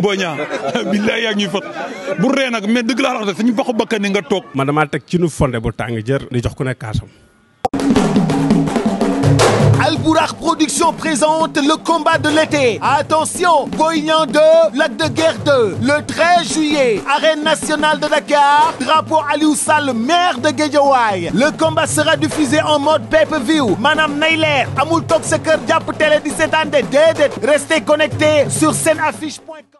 boo ñaa billaay yaa ngi ñuy fët bu ree nag mais dëgg laa a de suñu baxu bakkan ni nga toog man damaa teg ci nu fonde bu tàng jër di jox ku kaasam Albourakh Production présente le combat de l'été. Attention, Boy Niang 2, Lac de Guerre 2, le 13 juillet, Arène nationale de Dakar, drapeau Aliou Sall, maire de Guédiawaye. Le combat sera diffusé en mode pay-per-view. Maanaam nay leer, amul toog sa kër jàpp télé de déedéet. Restez connectés sur seneaffiche.com.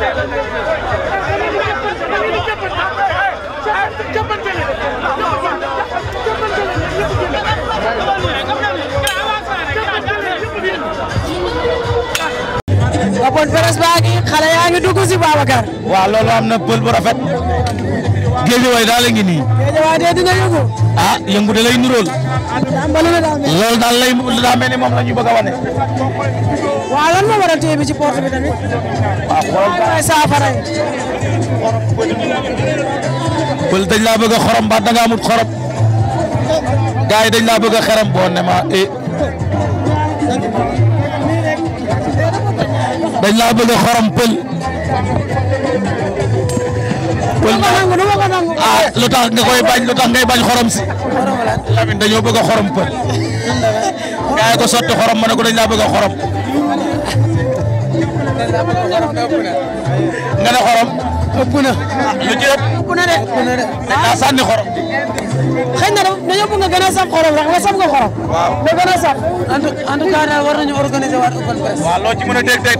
open press baa ngi xale yaa ngi dugg si Babacar. waaw loolu am na pël bu rafet. géejewaay daal la ngi nii. géejewaay de dina yëngu. ah yëngu da lay nuróol. loolu daal lay daa mel ni moom la ñu bëgg a lan moo war a téye bi ci porte bi tamit. waaw xoolal pël dañ laa bëgg a xorom ba da nga xorom. gars yi dañ laa bëgg a xeram ma eh. dañ laa bëgg a xorom pël. pël ah lu tax nga koy bañ xorom si. tamit dañoo bëgg a xorom pët gaay ko sotti xorom ma ne ko dañ xorom nga xorom ëpp na ah, lu ëpp ëpp na de ëpp na de daa sànni xorom xëy na dañoo bëgg nga gën a saf xorom rek nga saf nga xorom nga gën a saf en war nañu organiser waat open press waaw loo ci mën a dégg tey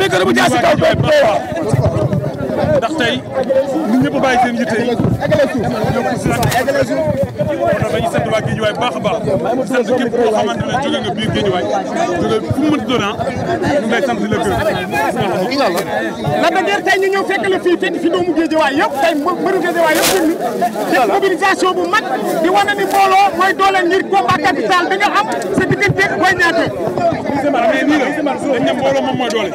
micro bu jaasi kaw dootu ko wax tey ñun ñëpp bàyyi seen yitte yi ñëpp si laaj kon dañuy sant waa Guédiawaye baax a baax sant képp koo xamante ne a nga biir Guédiawaye jóge fu mu mënti doon ah ñu ngi lay sant di la gërëm. incha allah la ñu ñëw fekk la fii fekk fi doomu Guédiawaye yëpp tey mbëru Guédiawaye yëpp gën def mobilisation bu mag di wane ni mbooloo mooy doole ngir combat capital bi nga am sa diggante koy ñaate. mais nii la dañ ne mbooloo moom mooy doole.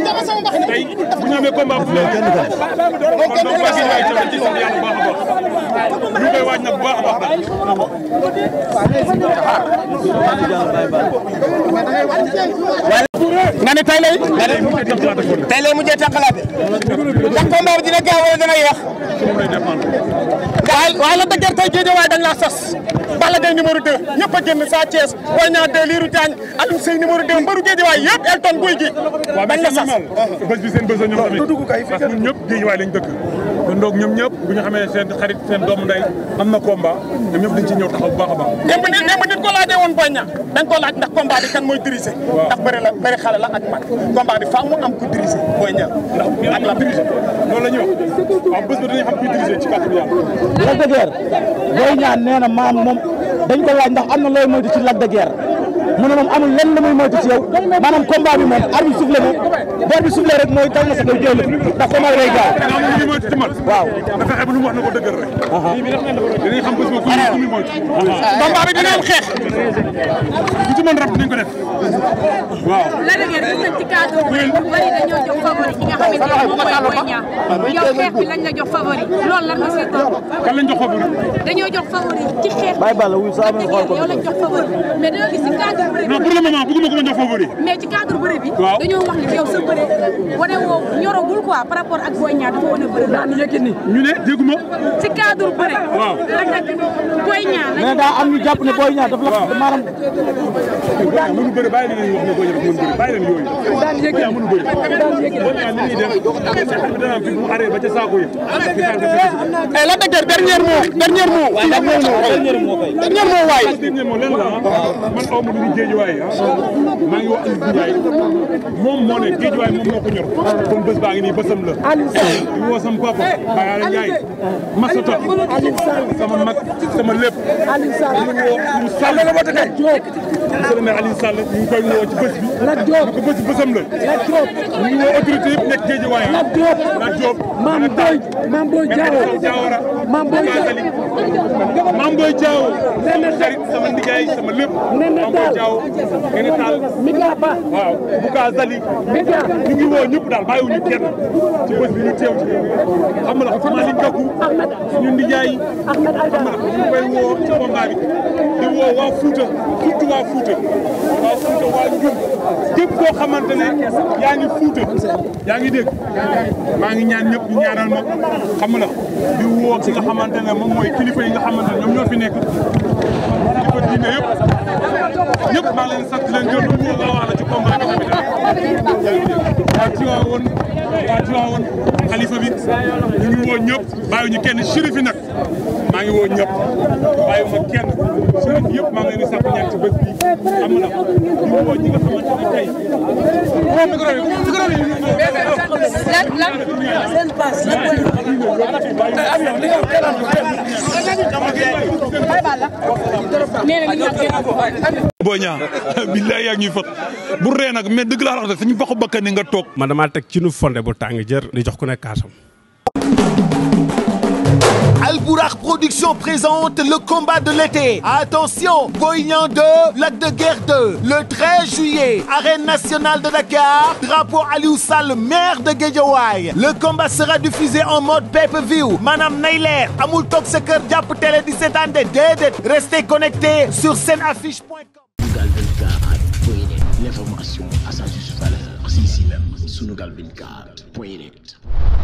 tey bu ñu amee combat bu leer kon donc waa Guédiawaye tamit ci sant yàlla bu baax a baax ñu ngi koy waaj nag bu baax a baax daal. waaw. nga ne tey lay. tey lay mujjee tàqalaate. ndax combat bi dina gaaw wala dina yéex. waaye waaye la dëgër tey géej waaye dañ laa sas. Balla Gaye numéro 2 ñëpp a génn Sa Thiès Boy Niang 2 Lirou Diane Alioune Seye numéro 2 mbaru géej waay yëpp Elton Guy gi. dañ la sas waaw bés bi seen bés la ñoom tamit. kon ñoom ñëpp bu ñu xamee seen xarit seen doomu ndey am na combat ñoom ñëpp dañ ci ñëw taxaw bu baax a baax. démb nit démb nit ko laajee woon Boy Niang ko laaj ndax combat bi kan mooy dirigé. waaw ndax bëri la bëri xale la ak mag combat bi faaw mu am ku dirigé Boy ndax ñu am la dirigé ba dañuy xam ku dirigé ci kàttan yàlla. Lac de Guiers Boy Niang nee maam moom dañ ko laaj ndax am na looy moytu ci Lac de Guiers. mu ne moom amul lenn muy moytu ci yow maanaam combat bi moom arbitre soufflé na bor bi soufflé rek mooy taw na sa kaw jël ndax combat bi day gaaw waaw da fexe ba lu mu wax na ko dëggal rek uh-huh. dinañ xam bés ba ku muy moytu uh-huh. combat bi dina am xeex ku ci mën rab dinañ ko def waaw xamante ne moom mooy Boy Niang ah, yow xeex bi lañ la jox favori loolu lan nga siy tontu. kan lañ jox favori. dañoo jox favori ci xeex bi. yow lañ jox favori mais dañoo gis ci cadre bëre bi. ko ma jox favori. mais ci cadre bëre bi. waaw dañoo wax ne yow sa bëre wane woo ñoragul quoi par rapport ak Boy Niang dafa wane bëre. daal yëkkati ñu ne dégguma. ci cadre bëre. waaw rek nag Boy Niang. mais daa am ñu jàpp ne Boy Niang daf la maanaam. mënu bëre bàyyi leen ñu ne Boy Niang mënu bëre bàyyi leen yooyu. daal yëkkati mënu bëre mais eh, Lac de Guiers dernier mot dernier mot. waaw dernier mot waaye. dernier mot waaye. Ah. man aw ma dugg géej waaye ah. maa ngi wax Aziz Ndiaye moom moo ne Guédiawaye moom moo ko ñor kon bés baa ngi nii bésam la di woo sama papa eh, Baye Ala Ndiaye masa tot sama mag sama lépp ñu woo ñu sàll la woote kay monsieur le maire Aliou Sall ñu ngi koy woo ci bés bi ñu ko bés bésam la ñu ngi woo autorité yëpp nekk Guédiawaye la Diop Mame Boy Mame Boy Diao Diawara Mame Boy Diao Mame Boy Diao sama xarit sama ndigaay sama lépp Mame Boy Diao Mika Ba. waaw Zali. Mika ngi woo ñëpp daal bàyyiwuñu kenn ci bés bi ñu teew ci. xam nga la xam naa li Gakou. suñu nijaay. xam ci combat bi. di woo waa Fouta surtout waa Fouta. waa Fouta waa koo xamante ne yaa ngi Fouta. yaa ngi dégg. maa ngi ñaan ñëpp ñu ñaanal ma xam nga la di woo ci nga xamante ne moom mooy kilifa yi nga xamante ne ñoom ñoo fi nekk. kilifa diine yëpp. ñëpp maa ngi leen sant leen gërëm lu mu wax la ci combat bi tamit waa Tiwaawoon waa Tiwaawoon xalifa bi ñu ngi woo ñëpp bàyyiwuñu kenn shérif yi nag maa ngi woo ñëpp bàyyiwuma kenn shérif yëpp maa ngi leen di sant ñaan ci bés bi am na ñu woo ñi nga xamante ne tey moom micro yi micro yi lan lan seen pass boo ñaa billaay yaa ngi ñuy fot bu ree nag mais dëgg la wax de suñu baxu bakkan ni nga toog man damaa teg ci nu fonde bu tàng jër di jox ku ne kaasam Albourakh Production présente le combat de l'été attention Boy Niang Lac de Guerre 2 le 13 juillet arène nationale de Dakar drapeau Aliou Sall maire de Guédiawaye le combat sera diffusé en mode pay-per-view maanaam nay leer amul toog sa kër jàpp télé di seetaan de sur senaffiche.com Sunugal 24